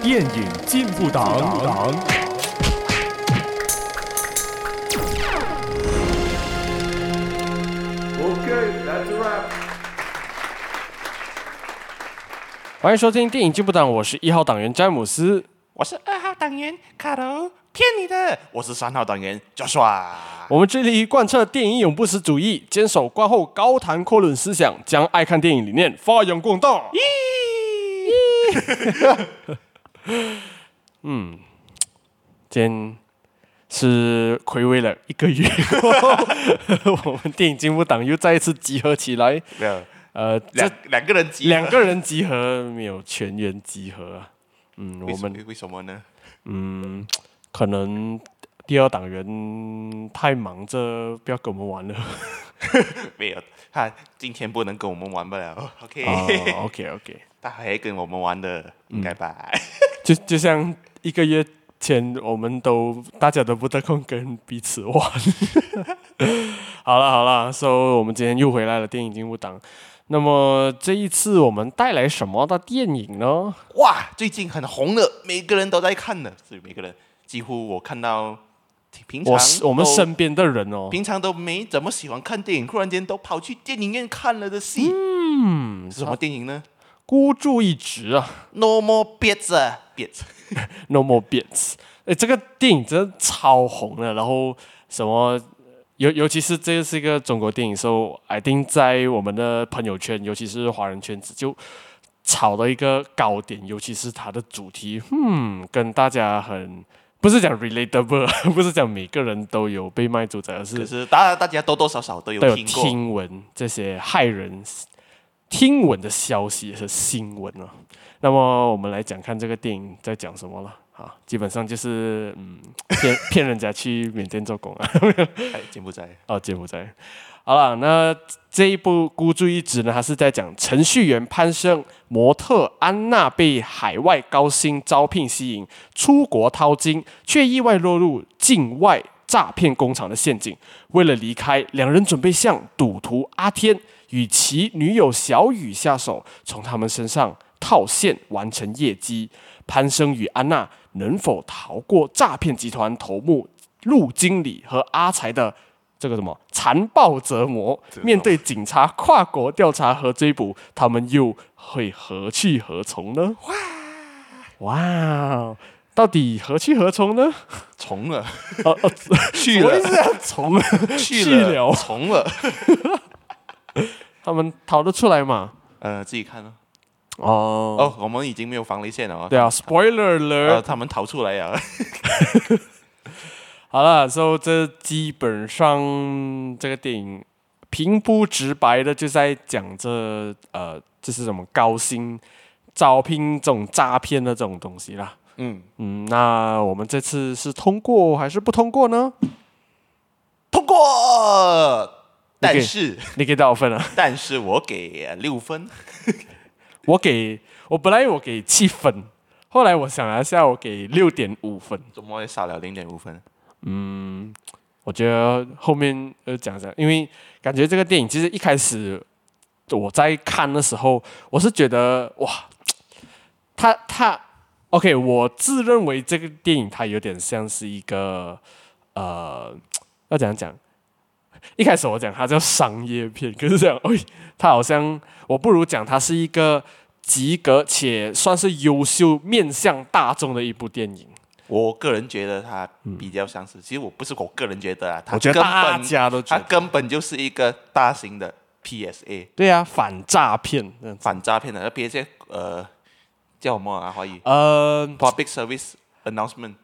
電影進步黨。歡迎收聽《電影進步黨》，我是一號黨員詹姆斯，我是二號黨員卡羅。騙你的！我是三號黨員，Joshua。我們致力於貫徹電影永不死主義，堅守觀後高談闊論思想，將愛看電影理念發揚光大。嗯，今天是睽違了一個月。 我們電影進步黨又再一次集合起來，沒有？呃，兩兩個人集，這兩個人集合沒有全員集合啊？嗯，我們為什麼呢？嗯。可能第二黨員太忙着，不要跟我們玩了 。沒有，他今天不能跟我們玩不了。OK、uh, OK OK，他還跟我們玩的、嗯、應該該吧。 就就像一個月前，我們都大家都不得空跟彼此玩 好。好了好了，所、so, 以我們今天又回來了電影進步黨。那麼這一次我們帶來什麼的電影呢？哇，最近很紅的，每個人都在看呢，所以每個人。幾乎我看到，平常我，我們身邊的人哦，平常都沒怎麼喜歡看電影，突然間都跑去電影院看了的戲。嗯，是什麼電影呢？孤注一擲啊。No More Bets 啊 No More Bets，哎，這個電影真的超紅的。然後什麼，尤尤其是這個是一個中國電影，so I think 在我們的朋友圈，尤其是華人圈子就炒到一個高點。尤其是它的主題，嗯，跟大家很。不是講 relatable，不是講每個人都有被賣豬仔，而是當然大家多多少少都有都有聽聞這些駭人聽聞的消息和新聞啊，那麼我們來講看這個電影在講什麼了啊？基本上就是嗯， 騙騙人家去緬甸做工啊，柬埔寨哦，柬埔寨。好了，那這一部《孤注一擲》呢？還是在講程序員潘生、模特安娜被海外高薪招聘吸引，出國淘金，卻意外落入境外詐騙工廠的陷阱。為了離開，兩人準備向賭徒阿天與其女友小雨下手，從他們身上套現，完成業績。潘生與安娜能否逃過詐騙集團頭目陸經理和阿才的？這個什麼殘暴折磨？面對警察跨國調查和追捕，他們又會何去何從呢？哇！哇！到底何去何從呢？從了，我一從了，去了，啊，從了。他們逃得出來嘛？呃，自己看啊。哦哦，我們已經沒有防雷線了啊。對 Spo 啊，spoiler 了。他們逃出來呀。 好了，所、so, 以這基本上這個電影平鋪直白的就在講這呃，就是什麼高薪招聘，這種詐騙的這種東西啦。嗯嗯，那我們這次是通過還是不通過呢？通過，給但是你給多少分啊？但是我給六分， 我給我本來我給七分，後來我想了一下，我給六點五分，怎麼會少了零點五分？嗯，我覺得後面呃講講，因為感覺這個電影其實一開始我在看的時候，我是覺得哇，他他 OK，我自認為這個電影它有點像是一個呃，要怎樣講？一開始我講它叫商業片，可是這樣，哎、欸，它好像我不如講它是一個及格且算是優秀面向大眾的一部電影。我個人覺得它比較相似。其實我不是我個人覺得啊，我覺得大家都覺得，它根本，它根本就是一個大型的 PSA。對啊，反詐騙，反詐騙的 PSA，呃，叫我麼啊？懷疑、呃？呃，Public Service Announcement，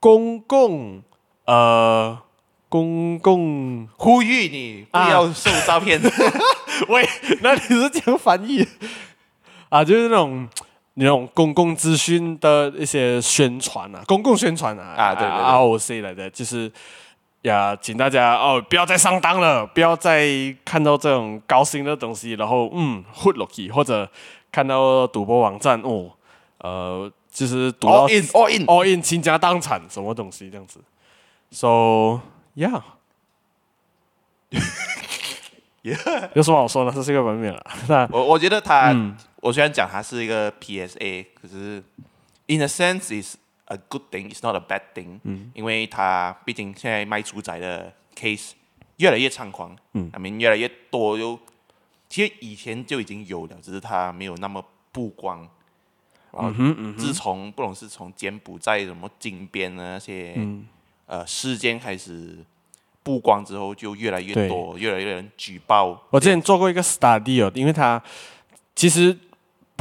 公共呃，公共呼籲你不要受詐騙。啊、 喂，那你是講翻譯啊？就是那種。你那種公共資訊的一些宣傳啊，公共宣傳啊，啊，對，對，對啊，O C 來的，對對對就是呀，請大家哦，不要再上當了，不要再看到這種高薪的東西，然後嗯 h o o 或者看到賭博網站哦，呃，就是賭 All in All in All in 傾家蕩產，什麼東西這樣子？So yeah 有什麼好說呢？這是一個文明啊，那我我覺得他。嗯我雖然講它是一個 PSA，可是 in a sense is a good thing, is not a bad thing，、嗯、因為它畢竟現在賣豬仔的 case 越來越猖狂、嗯、I mean 越來越多，又其實以前就已經有了，只是它沒有那麼曝光。然後自從、嗯嗯、不懂是從柬埔寨什麼金邊啊那些、嗯、呃事件開始曝光之後，就越來越多，對越來越來越人舉報。我之前做過一個 study 哦，因為它其實。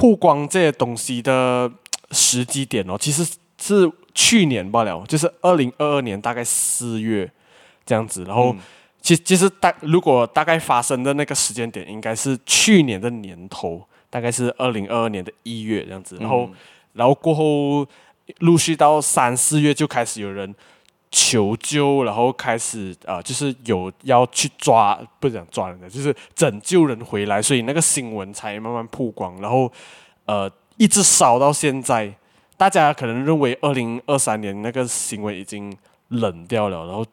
曝光這些東西的時機點哦，其實是去年罷了，就是二零二二年大概四月這樣子。然後，其、嗯、其實大如果大概發生的那個時間點，應該是去年的年頭，大概是二零二二年的一月這樣子。然後，嗯、然後過後陸續到三四月就開始有人。求救，然後開始啊、呃，就是有要去抓，不想抓人的，就是拯救人回來，所以那個新聞才慢慢曝光，然後，呃，一直燒到現在。大家可能認為二零二三年那個新聞已經冷掉了，然後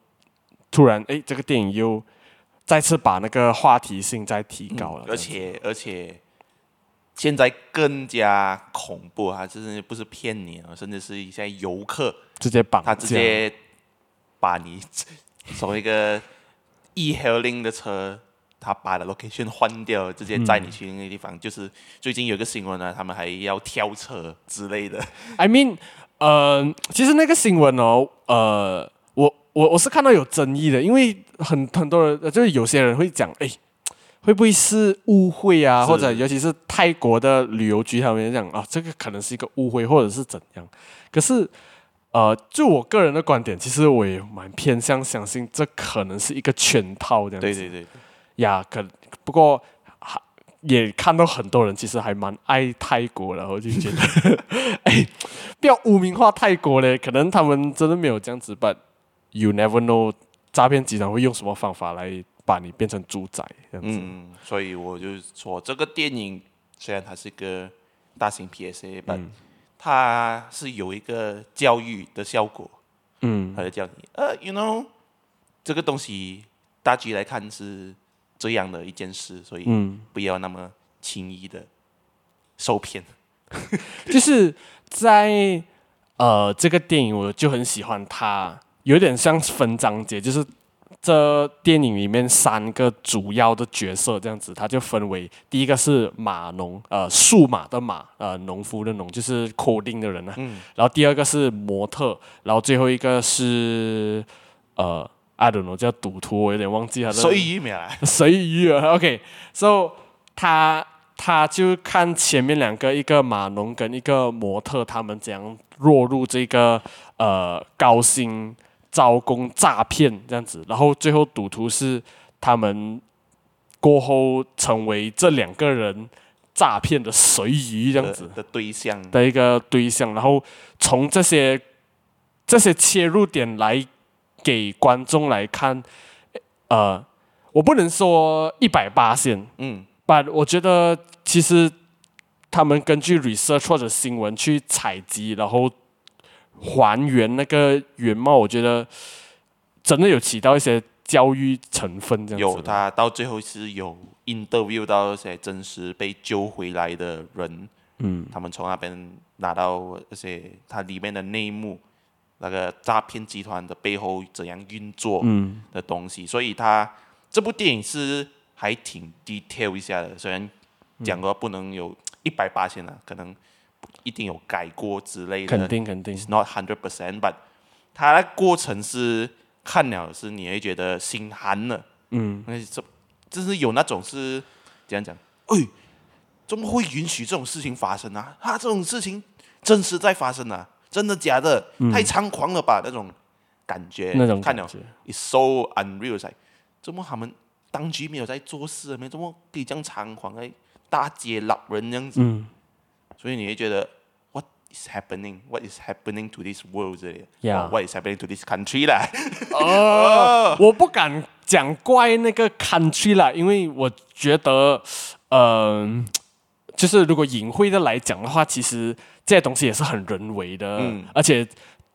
突然哎，這個電影又再次把那個話題性再提高了，嗯、而且而且現在更加恐怖，它就是不是騙你啊，甚至是一些遊客直接綁他直接。把你從一個 e-hailing 的車，他把的 location 換掉，直接載你去那個地方。嗯、就是最近有個新聞呢、啊，他們還要跳車之類的。I mean，呃，其實那個新聞哦，呃，我我我是看到有爭議的，因為很很多人，就是有些人會講，哎、欸，會不會是誤會啊？是或者尤其是泰國的旅遊局，他們講啊，這個可能是一個誤會，或者是怎樣？可是，呃，就我個人的觀點，其實我也蠻偏向相信這可能是一個圈套這樣子。對對對。呀，可不過、啊、也看到很多人其實還蠻愛泰國，然後就覺得 哎，不要污名化泰國嘞。可能他們真的沒有這樣子，but，you never know，詐騙集團會用什麼方法來把你變成豬仔這樣子。嗯，所以我就說，這個電影雖然它是一個大型 P S A，but、嗯。他是有一個教育的效果，嗯，它就教你，呃，you know，這個東西大局來看是這樣的一件事，所以不要那麼輕易的受騙。嗯、就是在呃，這個電影我就很喜歡它，它有點像分章節，就是。這電影裡面三個主要的角色，這樣子，他就分為第一個是碼農，呃，數碼的碼，呃，農夫的農，就是 coding 的人啊。嗯、然後第二個是模特，然後最後一個是，呃，I don't know，叫賭徒，我有點忘記他的了。所以，沒有啊。所以，OK。之後他他就看前面兩個，一個碼農跟一個模特，他們怎樣落入這個呃高薪招工詐騙這樣子，然後最後賭徒是他們過後成為這兩個人詐騙的隨魚這樣子的對象的一個對象，嗯、然後從這些這些切入點來給觀眾來看，呃，我不能說一百巴仙，嗯，但我覺得其實他們根據 research 或者新聞去採集，然後。還原那個原貌，我覺得真的有起到一些教育成分這樣。有，他到最後是有 interview 到一些真實被救回來的人，嗯，他們從那邊拿到一些它裡面的內幕，那個詐騙集團的背後怎樣運作，嗯，的東西。所以他這部電影是還挺 detail 一下的，雖然講的不能有一百巴仙了，可能。一定有改過之類的，肯定肯定，not hundred percent，但它的過程是看了是你會覺得心寒了，嗯，那真是有那種是怎樣講？哎、欸，怎麼會允許這種事情發生啊？他、啊、這種事情真實在發生啊？真的假的？嗯、太猖狂了吧？那種感覺，那種看了，it's so unreal，怎麼他們當局沒有在做事？怎麼可以這樣猖狂？哎，打劫老人這樣子？嗯、所以你會覺得。is happening? What is happening to this world? Yeah. Oh, what is happening to this country, 啦，哦，我不敢講怪那個 country 啦，因為我覺得，嗯，呃，就是如果隱晦的來講的話，其實這些東西也是很人為的，嗯，而且，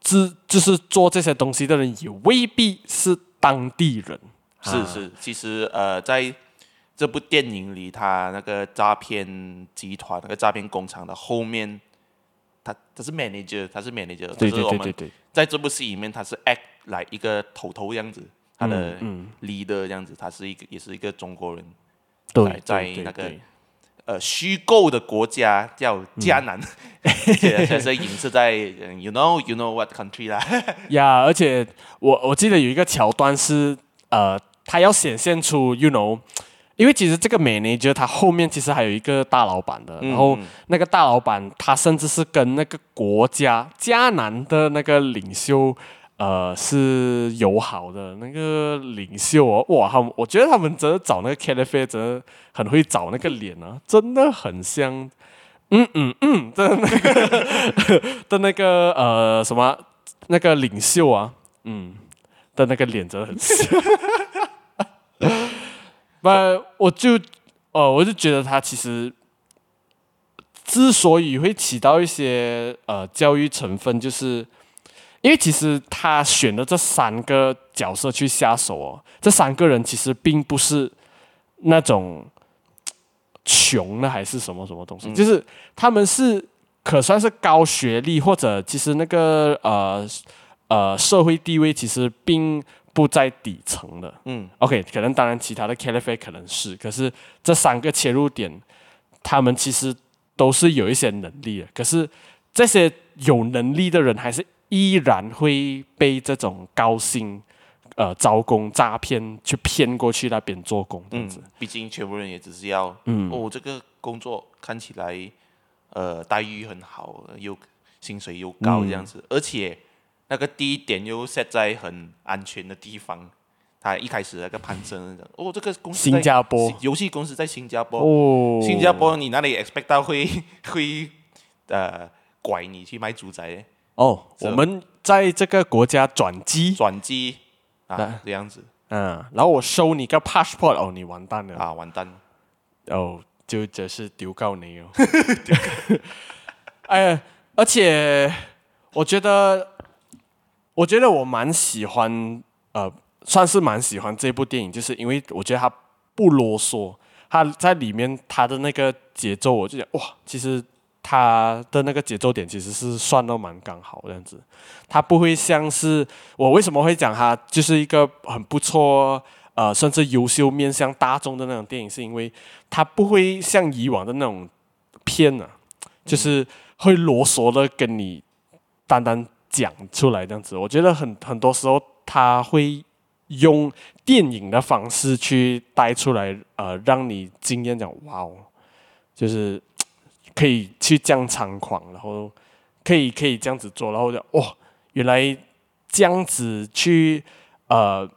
之就是做這些東西的人也未必是當地人。是是，其實呃，在這部電影裡，他那個詐騙集團、那個詐騙工廠的後面。他他是 manager，他是 manager，他是我們在這部戲裡面他是 act 來、like、一個頭頭的樣子，嗯、他的 leader 這樣子，嗯、他是一個也是一個中國人，對，在那個對對對呃虛構的國家叫迦南，這這影射在 you know you know what country 啦，呀，yeah，而且我我記得有一個橋段是呃，他要顯現出 you know。因為其實這個 manager 他後面其實還有一個大老闆的，嗯、然後那個大老闆他甚至是跟那個國家迦南的那個領袖，呃是友好的那個領袖哦、啊，哇，他我覺得他們真的找那個 Calif 真的很會找那個臉啊，真的很像，嗯嗯嗯，的那個， 的那個呃什麼那個領袖啊，嗯，的那個臉真的很像。 那我就，呃，我就覺得他其實，之所以會起到一些呃教育成分，就是因為其實他選的這三個角色去下手哦，這三個人其實並不是那種窮的還是什麼什麼東西，就是他們是可算是高學歷或者其實那個呃呃社會地位其實並。不在底層的。嗯，OK，可能當然其他的 Calfee 可能是，可是這三個切入點，他們其實都是有一些能力的。可是這些有能力的人，還是依然會被這種高薪呃招工詐騙去騙過去那邊做工這樣子。畢竟全部人也只是要，嗯、哦，這個工作看起來呃待遇很好，又薪水又高這樣子，嗯、而且。那個地點又設在很安全的地方，它一開始那個攀升，哦，這個公司在新加坡遊戲公司在新加坡，哦、新加坡你哪裡 expect 到會會呃拐你去賣豬仔？哦，so, 我們在這個國家轉機，轉機啊，啊這樣子，嗯、啊，然後我收你個 passport，哦，你完蛋了啊，完蛋，哦，就只是丟告你哦， 告 哎，而且我覺得。我覺得我蠻喜歡，呃，算是蠻喜歡這部電影，就是因為我覺得它不囉嗦，它在裡面它的那個節奏，我就覺得哇，其實它的那個節奏點其實是算得蠻剛好這樣子，它不會像是，我為什麼會講它就是一個很不錯，呃，甚至優秀面向大眾的那種電影，是因為它不會像以往的那種片啊，就是會囉嗦的跟你單單。講出來這樣子，我覺得很很多時候他會用電影的方式去帶出來，呃，讓你驚豔講哇哦，就是可以去這樣猖狂，然後可以可以這樣子做，然後就哇、哦，原來這樣子去呃，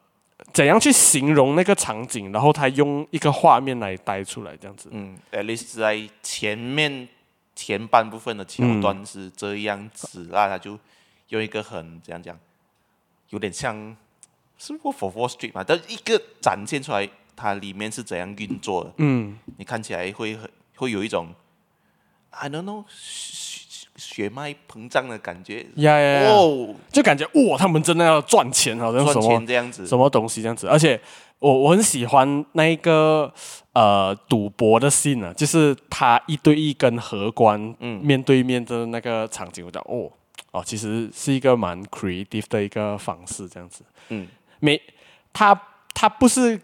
怎樣去形容那個場景，然後他用一個畫面來帶出來這樣子。嗯，at least 在前面前半部分的橋段是這樣子，那、嗯啊啊、他就。有一個很怎樣講，有點像是不是 Wolf of Wall Street 嘛，但一個展現出來它裡面是怎樣運作的，嗯，你看起來會很會有一種 I don't know 血，血脈膨脹的感覺，呀，就感覺哇、哦，他們真的要賺錢、啊，好像什麼賺錢這樣子，什麼東西這樣子，而且我我很喜歡那一個呃賭博的 scene、啊，就是他一對一跟荷官面對面的那個場景，我講哦。哦，其實是一個蠻 creative 的一個方式，這樣子，嗯，沒，他他不是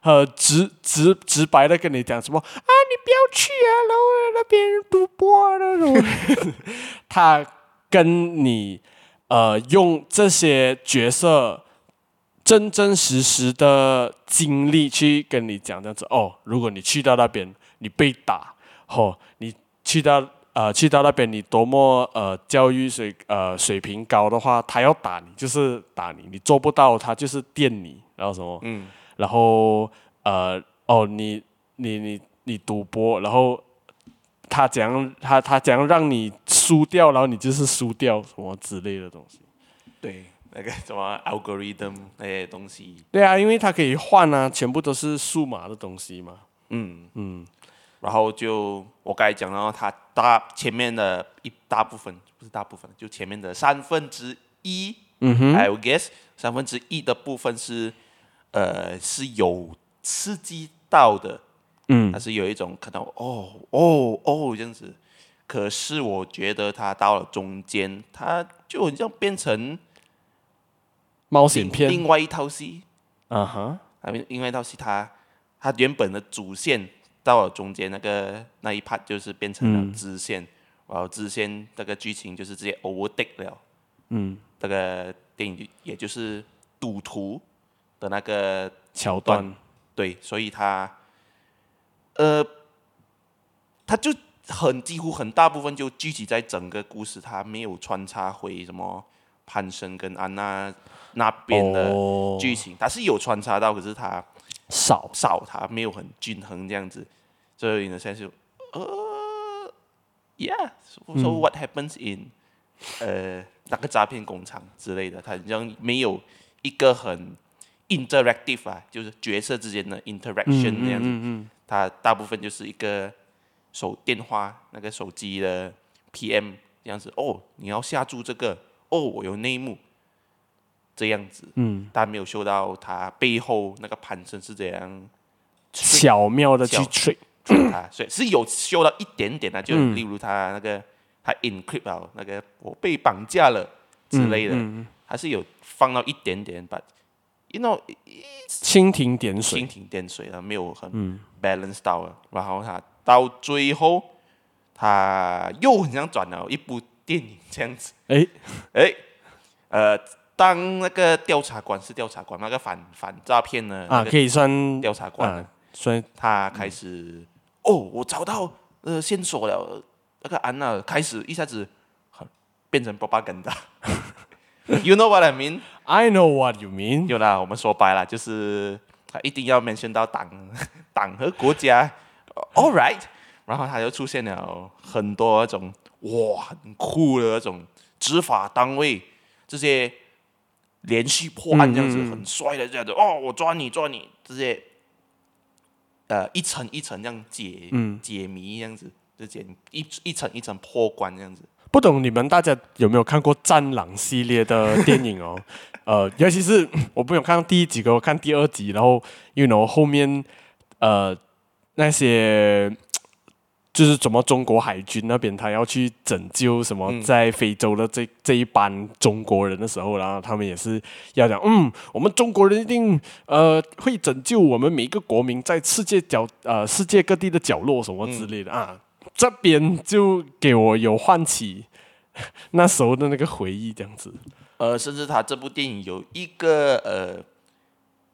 呃直直直白的跟你講什麼啊，你不要去啊，然後那邊賭博那種， 他跟你呃用這些角色真真實實的經歷去跟你講，這樣子哦，如果你去到那邊，你被打，哦，你去到。呃，去到那邊你多麼呃教育水呃水平高的話，他要打你就是打你，你做不到他就是電你，然後什麼？嗯。然後呃哦，你你你你賭博，然後他怎樣他他怎樣讓你輸掉，然後你就是輸掉什麼之類的東西。對，那個什麼 algorithm 那些東西。對啊，因為他可以換啊，全部都是數碼的東西嘛。嗯嗯。嗯然後就我剛才講，然後它大前面的一大部分，不是大部分，就前面的三分之一，嗯哼，I guess 三分之一的部分是，呃，是有刺激到的，嗯，它是有一種可能，哦哦哦這樣子，可是我覺得它到了中間，它就好像變成冒險片另外一套戲，嗯哼、uh，啊、huh，另外一套戲它，它原本的主線。到了中間那個那一 part 就是變成了支線，嗯、然後支線這個劇情就是直接 overtake 了，嗯，這個電影也就是賭徒的那個橋段。對，所以他，呃，他就很幾乎很大部分就聚集在整個故事，他沒有穿插回什麼潘生跟安娜那邊的劇情。哦、他是有穿插到，可是他。掃掃少它沒有很均衡這樣子，所以呢，現在說，呃，Yeah，so what happens in，呃，uh，那個詐騙工廠之類的，它好像沒有一個很 interactive 啊，就是角色之間的 interaction 這樣子，嗯嗯嗯嗯它大部分就是一個手電話那個手機的 PM 這樣子，哦，你要下注這個，哦，我有內幕。這樣子，嗯，但沒有修到他背後那個盤身是怎樣巧妙的去吹，所以是有修到一點點的、啊，嗯、就例如他那個他 encrypt 哦，那個我被綁架了之類的，還、嗯嗯、是有放到一點點，but you know 蜻蜓點水，蜻蜓點水了，沒有很 balance 到了、嗯、然後他到最後他又很想轉了一部電影這樣子，哎哎、欸欸、呃。當那個調查官是調查官，那個反反詐騙呢？啊，可以算調查官、啊，所以他開始哦，我找到呃線索了。那個安娜開始一下子變成 propaganda 的 ，You know what I mean? I know what you mean。有啦，我們說白了，就是他一定要 mention 到黨黨和國家、呃、All right？然後他就出現了很多那種哇很酷的那種執法單位這些。連續破案這樣子，嗯嗯嗯，很帥的這樣子，哦，我抓你抓你，直接，呃，一層一層這樣解、嗯、解謎這樣子，直接一一層一層破關這樣子。不懂你們大家有沒有看過《戰狼》系列的電影哦？ 呃，尤其是我不用看第一集，給我看第二集，然後 you know 後面呃那些。就是怎麼中國海軍那邊，他要去拯救什麼在非洲的這這一班中國人的時候，然後他們也是要講，嗯，我們中國人一定呃會拯救我們每一個國民在世界角呃世界各地的角落什麼之類的啊，這邊就給我有喚起那時候的那個回憶這樣子。呃，甚至他這部電影有一個呃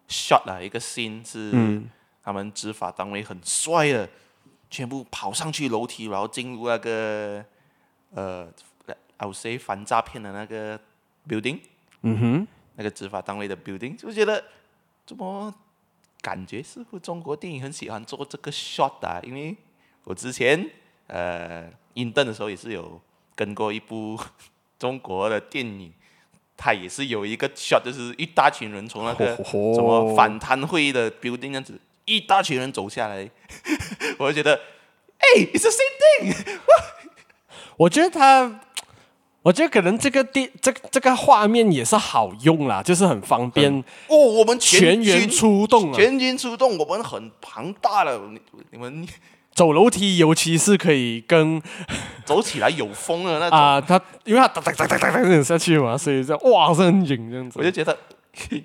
shot 啊，一個 scene 是他們執法單位很帥的。嗯全部跑上去樓梯，然後進入那個呃，I w l d s 反詐騙的那個 building，嗯哼，那個執法單位的 building，就覺得怎麼感覺似乎中國電影很喜歡做這個 shot 啊？因為我之前呃印 n 的時候也是有跟過一部呵呵中國的電影，它也是有一個 shot，就是一大群人從那個呵呵什麼反貪會議的 building 那樣子。一大群人走下來，我就覺得，哎，欸，it's the same thing。我覺得他，我覺得可能這個地，這這個畫面也是好用啦，就是很方便。哦，我們全軍，全員出動，全員出動，我們很龐大的，你們你走樓梯，尤其是可以跟走起來有風的那種啊，它因為它噔噔噔噔噔噔下去嘛，所以這樣，哇聲景這樣子。我就覺得，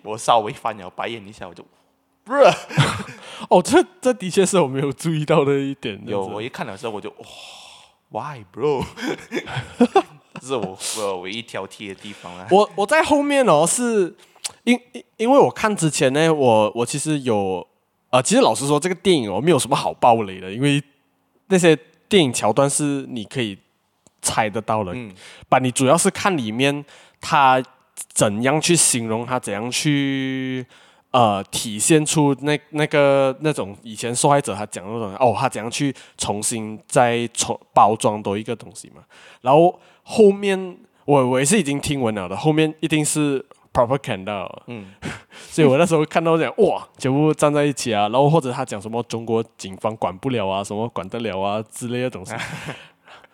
我稍微翻了白眼一下，我就。不是 Bro 哦，這這的確是我沒有注意到的一點。有我一看的時候，我就哇、哦、，Why，Bro？ 這是我，我唯一挑剔的地方了、啊。我我在後面哦，是因因，因為我看之前呢，我我其實有呃，其實老實說，這個電影我、哦、沒有什麼好爆雷的，因為那些電影橋段是你可以猜得到的。嗯，但你主要是看裡面他怎樣去形容它，他怎樣去。呃，體現出那那個那種以前受害者他講的那種哦，他怎樣去重新再重包裝多一個東西嘛。然後後面我我也是已經聽聞了的，後面一定是 proper 看到，嗯， 所以我那時候看到這樣哇，全部站在一起啊，然後或者他講什麼中國警方管不了啊，什麼管得了啊之類的東西。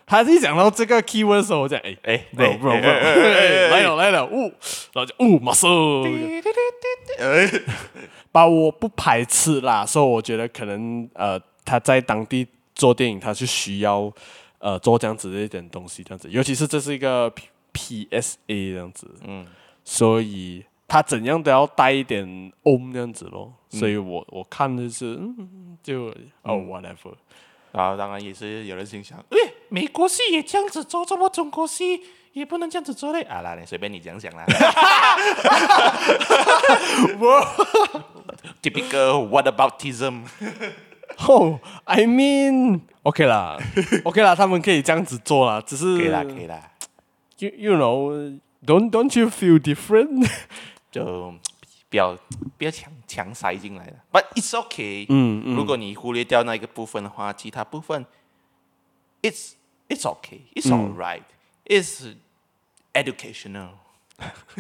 他一講到這個 keyword 的時候，我講哎哎，不不不，來了來了，嗚，然後就嗚，muscle，哎，把我不排斥啦，所以我覺得可能呃，他在當地做電影，他是需要呃做這樣子一點東西，這樣子，尤其是這是一個 P P S A 這樣子，嗯，所以他怎樣都要帶一點嗡這樣子咯，所以我我看的是就哦 whatever，然後當然也是有人心想哎。美國戲也這樣子做，做麼中國戲也不能這樣子做嘞？啊那你隨便你講講啦。Typical whataboutism？哦、oh,，I mean，OK 啦，OK 啦，okay 啦 他們可以這樣子做啦，只是可以啦，可以啦。You you know，don't don't you feel different？就比較比較強強塞進來了，But it's OK。嗯嗯，如果你忽略掉那一個部分的話，嗯、其他部分。It's it's okay. It's alright.、嗯、it's educational.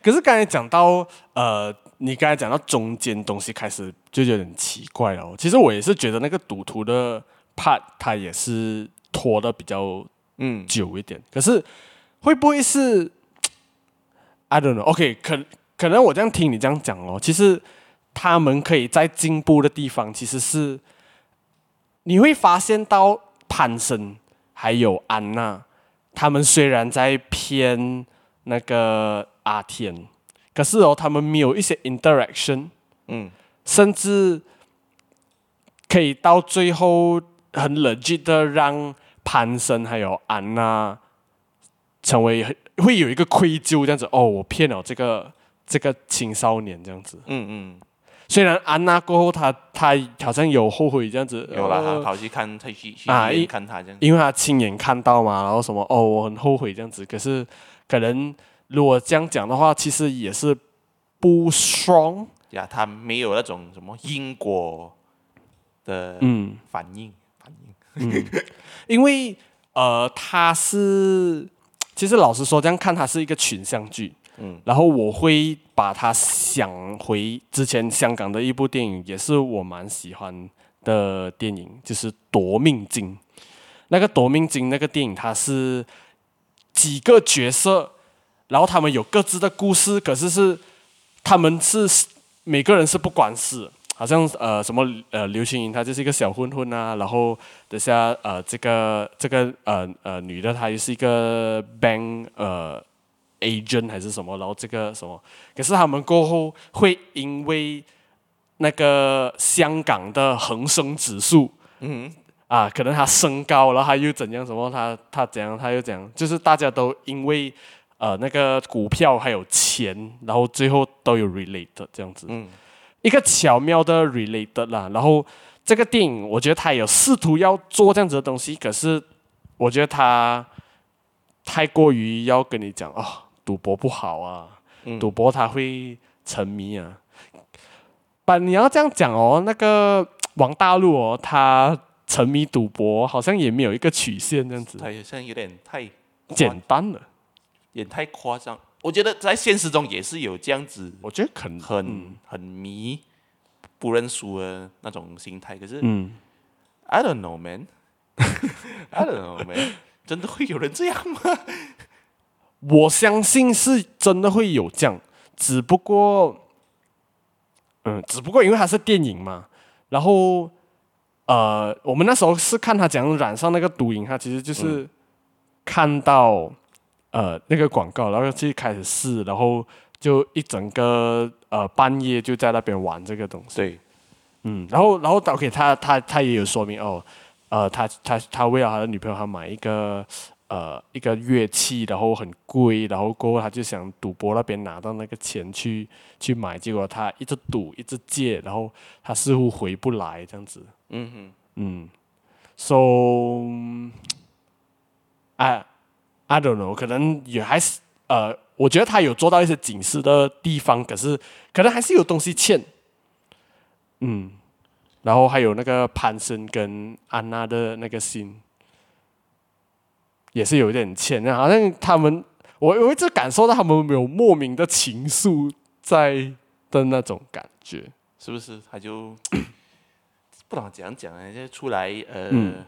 可是剛才講到呃，你剛才講到中間東西開始就有點奇怪哦。其實我也是覺得那個賭徒的 part 它也是拖得比較嗯久一點。嗯、可是會不會是 I don't know. OK，可可能我這樣聽你這樣講哦，其實他們可以在進步的地方，其實是你會發現到。潘生還有安娜，他們雖然在騙那個阿天，可是哦，他們沒有一些 interaction，嗯，甚至可以到最後很 legit 的讓潘生還有安娜成為會有一個愧疚這樣子，哦，我騙了這個這個青少年這樣子，嗯嗯。嗯雖然安娜過後，她她好像有後悔這樣子，有了她跑去看，她去去看他這樣，啊，因為她親眼看到嘛，然後什麼哦，我很後悔這樣子。可是，可能如果這樣講的話，其實也是不爽呀，啊。他沒有那種什麼因果的嗯反應，因為呃，他是其實老實說，這樣看他是一個群像劇。嗯，然後我會把它想回之前香港的一部電影，也是我蠻喜歡的電影，就是《奪命金》。那個《奪命金》那個電影，它是幾個角色，然後他們有各自的故事，可是是他們是每個人是不管事，好像呃什麼呃劉青雲他就是一個小混混啊，然後等下呃這個這個呃呃女的她就是一個 ban 呃。Agent 還是什麼，然後這個什麼，可是他們過後會因為那個香港的恆生指數，嗯，啊，可能它升高，然後他又怎樣什麼，他他怎樣，他又怎樣，就是大家都因為呃那個股票還有錢，然後最後都有 related 這樣子，嗯，一個巧妙的 related 啦。然後這個電影，我覺得他有試圖要做這樣子的東西，可是我覺得他太過於要跟你講哦。賭博不好啊，嗯、賭博他會沉迷啊。但你要這樣講哦，那個王大陸哦，他沉迷賭博，好像也沒有一個曲線這樣子。他好像有點太簡單了，也太誇張。我覺得在現實中也是有這樣子。我覺得很很、嗯、很迷，不認輸的那種心態。可是，嗯，I don't know man，I don't know man，真的會有人這樣嗎？我相信是真的會有這樣，只不過，嗯，只不過因為它是電影嘛，然後，呃，我們那時候是看他怎樣染上那個毒癮，他其實就是看到、嗯、呃那個廣告，然後就開始試，然後就一整個呃半夜就在那邊玩這個東西。對嗯，然後然後倒給、okay，他，他他也有說明哦，呃，他他他為了他的女朋友，他買一個。呃，一個樂器，然後很貴，然後過後他就想賭博那邊拿到那個錢去去買，結果他一直賭，一直借，然後他似乎回不來這樣子。嗯哼，嗯。So，I I, I don't know，可能也還是呃，我覺得他有做到一些警示的地方，可是可能還是有東西欠。嗯，然後還有那個潘森跟安娜的那個心。也是有點欠，好像他們，我我一直感受到他們沒有莫名的情愫在的那種感覺，是不是？他就 不懂怎樣講啊，就出來呃，嗯、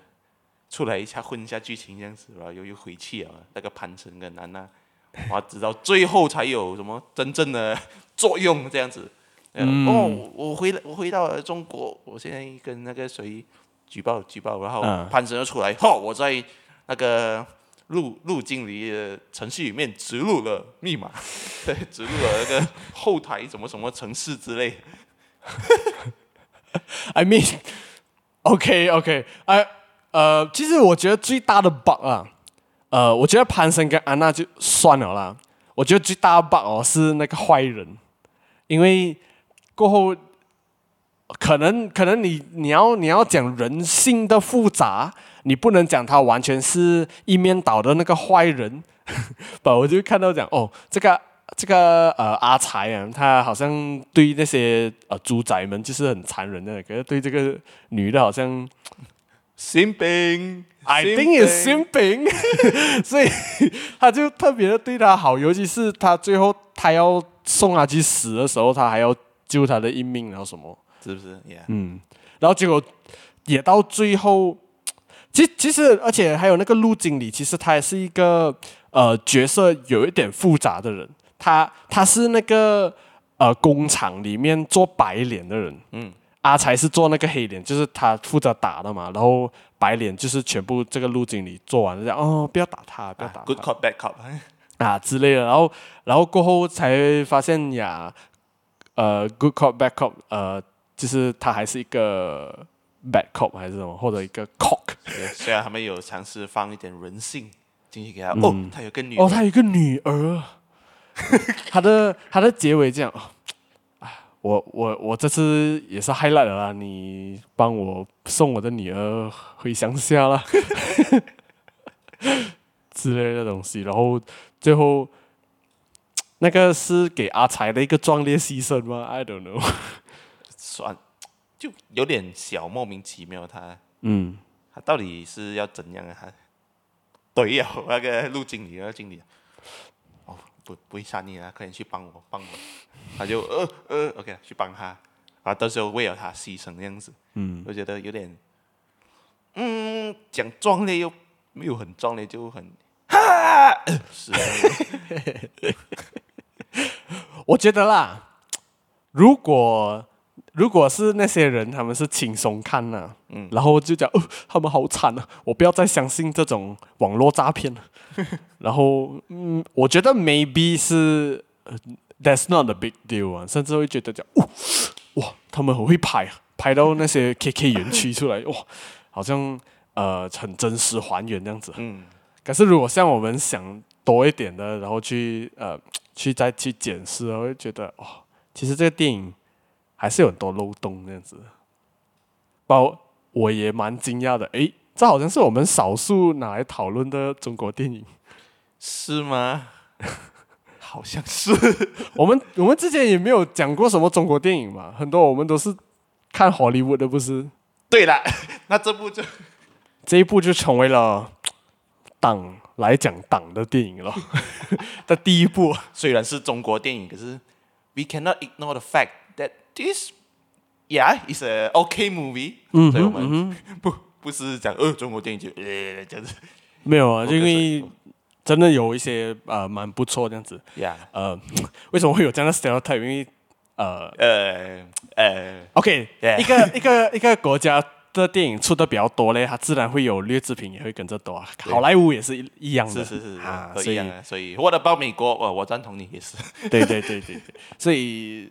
出來一下混一下劇情這樣子吧，然後又又回去啊，那個潘生跟安娜，哇，直到最後才有什麼真正的作用這樣子，嗯、哦，我回來，我回到了中國，我現在跟那個誰舉報舉報，然後潘生就出來，嚯、嗯哦，我在那個。入入進裡的程序裡面植入了密碼，對，植入了那個後台什麼什麼程式之類。 I mean, OK, OK, I、uh, 呃，其實我覺得最大的 bug 啊，呃，我覺得潘生跟安娜就算了啦，我覺得最大的 bug 哦、啊、是那個壞人，因為過後可能可能你你要你要講人性的複雜。你不能講他完全是一面倒的那個壞人，不，我就看到講哦，這個這個呃阿才啊，他好像對那些呃豬仔們就是很殘忍的，可是對這個女的好像心病，愛丁也心病，所以他就特別的對她好，尤其是他最後他要送他去死的時候，他還要救他的一命，然後什麼，是不是？Yeah. 嗯，然後結果也到最後。其其實，而且還有那個陸經理，其實他也是一個呃角色有一點複雜的人。他他是那個呃工廠裡面做白臉的人，嗯，阿財是做那個黑臉，就是他負責打的嘛。然後白臉就是全部這個陸經理做完了，這樣哦，不要打他，不要打他、啊啊、good cop bad cop、哎、啊之類的。然後然後過後才發現呀，呃，good cop bad cop，呃，就是他還是一個。Bad cop 還是什麼，或者一個 cock？雖然他們有嘗試放一點人性進去給他。嗯、哦，他有個女兒。哦，他有個女兒。 他的他的結尾這樣啊，我我我這次也是 highlight 了，你幫我送我的女兒回鄉下啦 之類的東西。然後最後那個是給阿才的一個壯烈犧牲嗎？I don't know。算。就有點小莫名其妙他，他嗯，他到底是要怎樣啊？他懟要那個陸經理，那經理哦，不不會殺你啊！快點去幫我，幫我！他就呃呃，OK，去幫他啊，他到時候為了他犧牲這樣子，嗯，我覺得有點嗯，講壯烈又沒有很壯烈，就很哈，是啊，我覺得啦，如果。如果是那些人，他們是輕鬆看吶、啊，嗯、然後就講哦，他們好慘啊！我不要再相信這種網絡詐騙了、啊。 然後，嗯，我覺得 maybe 是、uh, that's not a big deal 啊，甚至會覺得講哦，哇，他們很會拍啊，拍到那些 KK 園區出來， 哇，好像呃很真實還原這樣子。嗯，可是如果像我們想多一點的，然後去呃去再去檢視，我會覺得哦，其實這個電影。還是有很多漏洞那樣子，包我也蠻驚訝的。誒，這好像是我們少數拿來討論的中國電影，是嗎？ 好像是。 我們我們之前也沒有講過什麼中國電影嘛，很多我們都是看 Hollywood 的，不是？對了，那這部就這一部就成為了黨來講黨的電影了。的 第一部雖然是中國電影，可是 we cannot ignore the fact。This, yeah, it's a OK movie. 嗯，所以我們不不是講呃中國電影就呃這樣子，沒有啊，因為真的有一些呃蠻不錯這樣子。Yeah，呃，為什麼會有這樣的 stereotype？因為呃呃呃，OK，一個一個一個國家的電影出的比較多嘞，它自然會有劣質品也會跟着多啊。好萊塢也是一一樣的，是是是啊，一樣啊。所以 what about 美國？我我贊同你也是。對對對對，所以。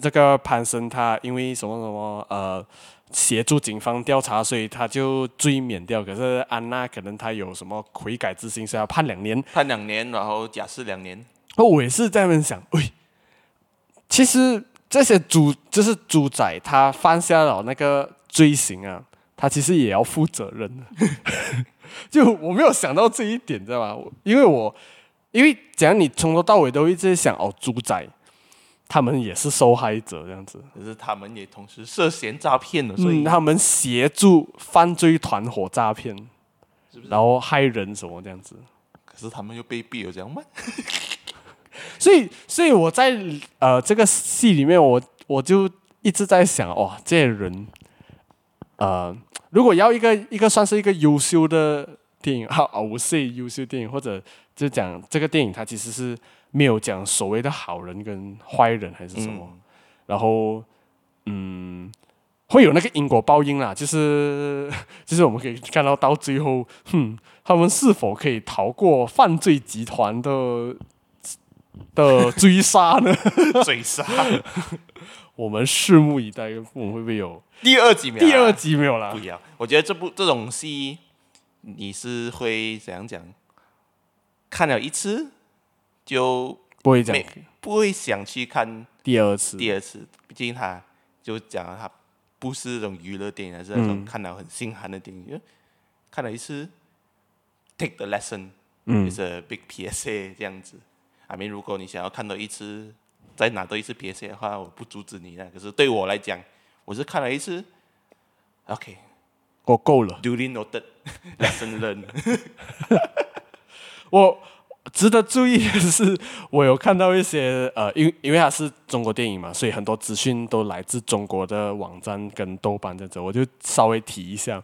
這個潘生他因為什麼什麼呃，協助警方調查，所以他就罪免掉。可是安娜可能她有什麼悔改之心，所以要判兩年。判兩年，然後假釋兩年。我也是這樣想，喂，其實這些豬就是豬仔，他犯下了那個罪行啊，他其實也要負責任 就我沒有想到這一點，知道吧？因為我因為只要你從頭到尾都一直想哦，豬仔，他們也是受害者，這樣子。可是他們也同時涉嫌詐騙的。所以、嗯、他們協助犯罪團夥詐騙，是不是？然後害人什麼這樣子？可是他們又被逼了，這樣嗎？ 所以，所以我在呃這個戲裡面我，我我就一直在想，哇、哦，這些人，呃，如果要一個一個算是一個優秀的電影，好、啊，我說優秀電影，或者就講這個電影，它其實是。沒有講所謂的好人跟壞人還是什麼，嗯、然後嗯，會有那個因果報應啦，就是就是我們可以看到到最後，哼，他們是否可以逃過犯罪集團的的追殺呢？追殺，我們拭目以待，我們會不會有第二集？沒有，第二集沒有啦。不一樣。我覺得這部這種戲，你是會怎樣講？看了一次。就不會講，不會想去看第二次。第二次，畢竟他就講了，他不是那種娛樂電影，還、嗯、是那種看了很心寒的電影。看了一次，Take the lesson，is、嗯、a big PSA 這樣子。I mean，如果你想要看到一次再拿多一次 PSA 的話，我不阻止你了。可是對我來講，我是看了一次。OK，我夠了。Duly noted，lesson learned 我。值得注意的是，我有看到一些呃，因因為它是中國電影嘛，所以很多資訊都來自中國的網站跟豆瓣這樣子，我就稍微提一下。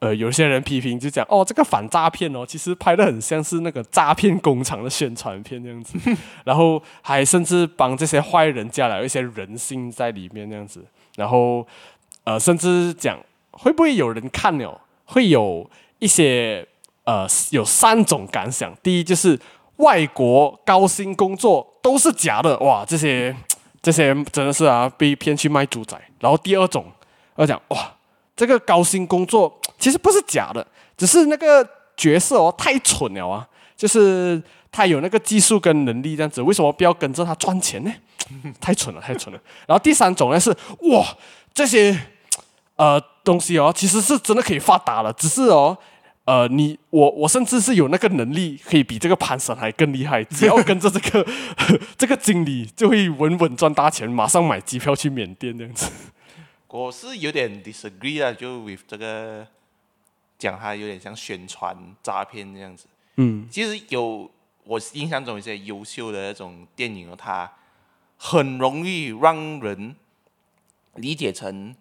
呃，有些人批評就講哦，這個反詐騙哦，其實拍得很像是那個詐騙工廠的宣傳片這樣子，然後還甚至幫這些壞人加了一些人性在裡面這樣子，然後呃，甚至講會不會有人看了會有一些。呃，有三種感想。第一就是外國高薪工作都是假的，哇，這些這些人真的是啊，被騙去賣豬仔。然後第二種，我想哇，這個高薪工作其實不是假的，只是那個角色哦太蠢了啊，就是他有那個技術跟能力這樣子，為什麼不要跟着他賺錢呢？太蠢了，太蠢了。然後第三種呢是哇，這些呃東西哦，其實是真的可以發達了，只是哦。呃，你我我甚至是有那個能力，可以比這個潘生還更厲害。只要跟着這個 這個經理，就會穩穩賺大錢，馬上買機票去緬甸這樣子。我是有點 disagree 啊，就 with 這個講他有點像宣傳詐騙這樣子。嗯，其實有我印象中一些優秀的那種電影，它很容易讓人理解成。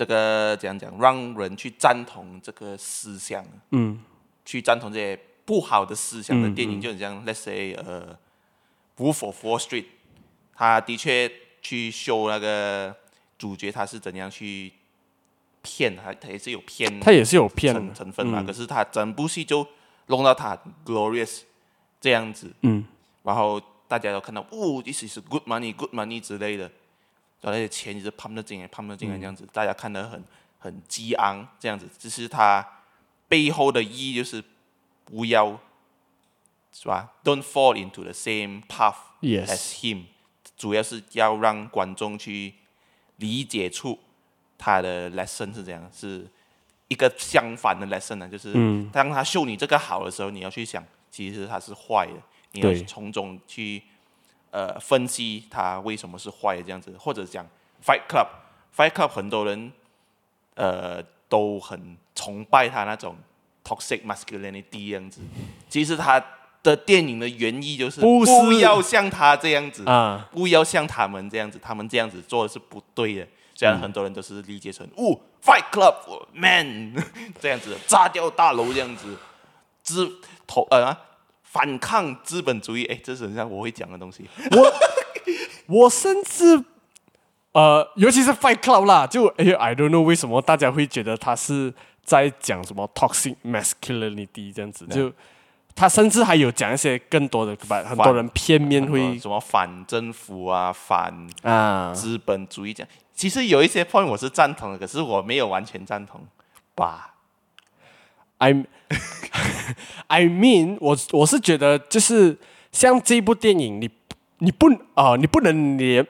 這個怎樣講？讓人去贊同這個思想，嗯，去贊同這些不好的思想的電影，嗯、就很像《嗯、Let's say》呃，《Wolf of Wall Street》，他的確去 show 那個主角他是怎樣去騙，他他也是有騙，他也是有騙成分嘛。嗯、可是他整部戲就弄到他 glorious 這樣子，嗯，然後大家都看到，哦，this is good money，good money 之類的。抓、啊、那些錢也、就是捧著進來，捧著進來。這樣子，大家看得很很激昂這樣子。只是他背後的意義就是不要，是吧？Don't fall into the same path as Yes. him。主要是要讓觀眾去理解出他的 lesson 是怎樣，是一個相反的 lesson 呢？就是當他秀你這個好的時候，你要去想，其實他是壞的，你要從中去。呃，分析他為什麼是壞這樣子，或者講《Fight Club》，《Fight Club》很多人呃都很崇拜他那種 Toxic Masculinity 這樣子。其實他的電影的原意就是不要像他這樣子，不，是不要像他們這樣子，uh. 他們這樣子做的是不對的。這樣很多人都是理解成、嗯、哦，《Fight Club》、oh Man 這樣子炸掉大樓這樣子，之頭啊。呃反抗資本主義，哎，這是很像我會講的東西。我我甚至呃，尤其是 Fight Club 啦，就哎 I don't know 為什麼大家會覺得他是在講什麼 toxic masculinity 這樣子。就 Yeah. 他甚至還有講一些更多的反很多人片面會什麼反政府啊、反啊資本主義這樣。啊、其實有一些 point 我是贊同的，可是我沒有完全贊同，吧。I, I mean，我我是覺得，就是像這部電影，你你不啊、呃，你不能連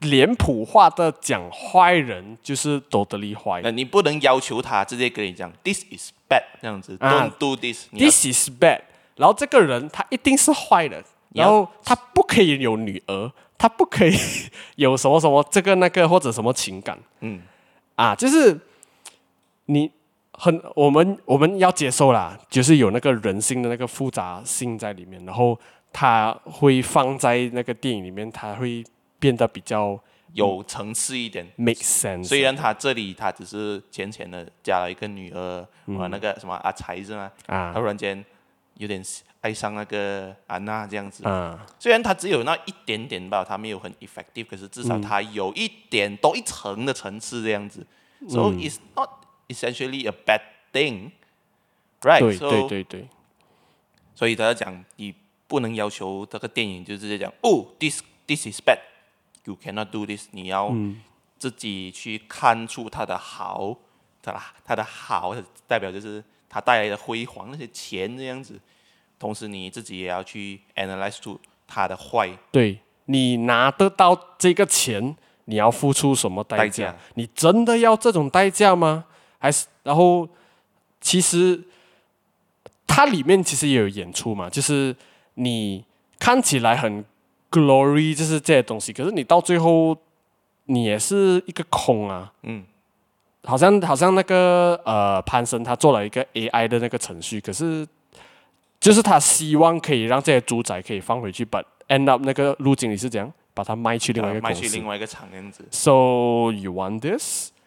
臉譜化的講壞人就是道得裡壞人，你不能要求他直接跟你講，This is bad，這樣子，Don't do this. This is bad。啊、is bad. 然後這個人他一定是壞人，然後他不可以有女兒，他不可以有什麼什麼這個那個或者什麼情感。嗯，啊，就是你。很，我們我們要接受啦，就是有那個人性的那個複雜性在裡面，然後他會放在那個電影裡面，他會變得比較有層次一點。嗯、make sense。雖然他這裡他只是淺淺的加了一個女兒和、嗯、那個什麼阿才是嗎？啊，他突然間有點愛上那個安娜這樣子。啊。雖然他只有那一點點吧，他沒有很 effective，可是至少他有一點、嗯、多一層的層次這樣子。嗯、So it's not. Essentially, a bad thing, right? 對，so, 對對對。所以他要講，你不能要求這個電影就直接講，哦，oh, this this is bad, you cannot do this。你要自己去看出它的好，對吧？它的好，代表就是它帶來的輝煌那些錢這樣子。同時，你自己也要去 analyze to 它的壞。對，你拿得到這個錢，你要付出什麼代價？代價你真的要這種代價嗎？還是，然後其實它裡面其實也有演出嘛，就是你看起來很 glory，就是這些東西，可是你到最後你也是一個空啊。嗯，好像好像那個呃潘生他做了一個 AI 的那個程序，可是就是他希望可以讓這些豬仔可以放回去，but end up 那個陸經理是這樣，把它去賣去另外一個公司，賣去另外一個廠這樣子。So you want this?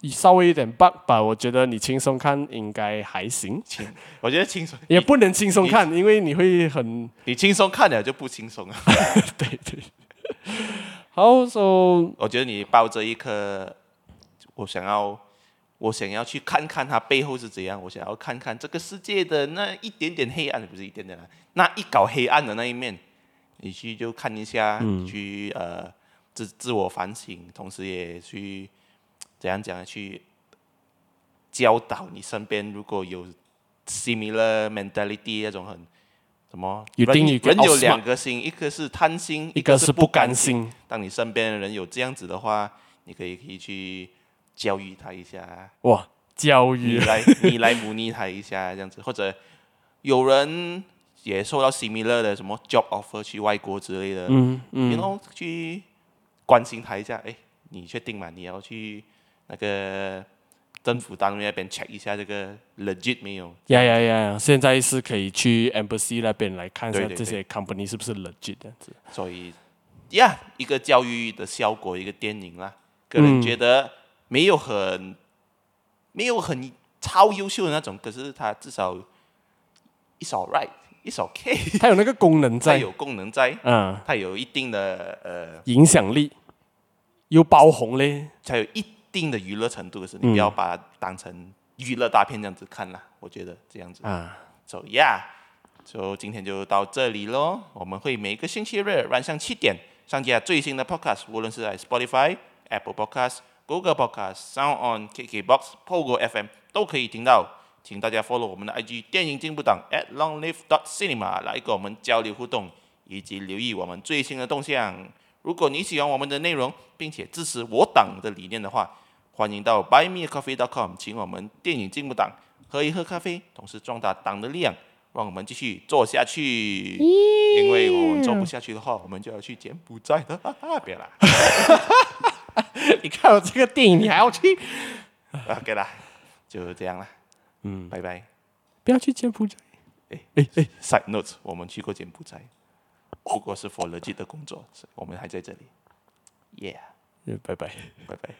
你稍微有點 bug 吧，我覺得你輕鬆看應該還行。輕， 我覺得輕鬆也不能輕鬆看，你因為你會很。你輕鬆看了就不輕鬆了。 對對。好，so 我覺得你抱着一顆，我想要，我想要去看看它背後是怎樣，我想要看看這個世界的那一點點黑暗，不是一點點啊，那一搞黑暗的那一面，你去就看一下，你去呃自自我反省，同時也去。怎樣講？去教導你身邊如果有 similar mentality 那種很什麼？有人有兩個心，一個是貪心，一個是不甘心。甘心當你身邊的人有這樣子的話，你可以可以去教育他一下。哇，教育！來，你來模擬他一下，這樣子。或者有人也受到 similar 的什麼 job offer 去外國之類的，嗯嗯，然、嗯、後 you know, 去關心他一下？哎、欸，你確定嗎？你要去？那個政府單位那邊 check 一下這個 legit 沒有？呀呀呀！現在是可以去 embassy 那邊來看一下，對對對，這些 company 是不是 legit 這樣子。所以，呀、yeah，一個教育的效果，一個電影啦，個人覺得沒有很、嗯、沒有很超優秀的那種，可是它至少 it's alright，it's okay。它有那個功能在， 他有功能在，嗯，它有一定的呃影響力，又爆紅嘞，才有一。定的娛樂程度是，你不要把它當成娛樂大片這樣子看了，嗯、我覺得這樣子啊，s o y e 走呀，就、so yeah, so、今天就到這裡嘍。我們會每個星期日晚上七點上架最新的 podcast，無論是在 Spotify、Apple Podcast、Google Podcast、Sound On、KKBox、Pogo FM 都可以聽到。請大家 follow 我們的 IG 電影進步黨 @longlivecinema 來跟我們交流互動，以及留意我們最新的動向。如果你喜歡我們的內容，並且支持我黨的理念的話，歡迎到 buy me a coffee dot com，請我們電影進步黨喝一喝咖啡，同時壯大黨的力量，讓我們繼續做下去。Yeah. 因為我們做不下去的話，我們就要去柬埔寨了，哈哈，別啦！你看了這個電影，你還要去 ？OK 啦，就這樣啦，嗯，拜拜。不要去柬埔寨。哎哎哎，Side note，我們去過柬埔寨，不過是 for legit 的工作，所以我們還在這裡。Yeah，嗯，拜拜，拜拜。